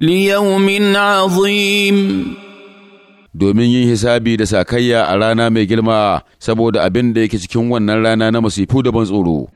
ليوم عظيم domin yin hisabi da sakayya a rana mai girma saboda abin da yake cikin wannan rana na masifu da ban tsoro.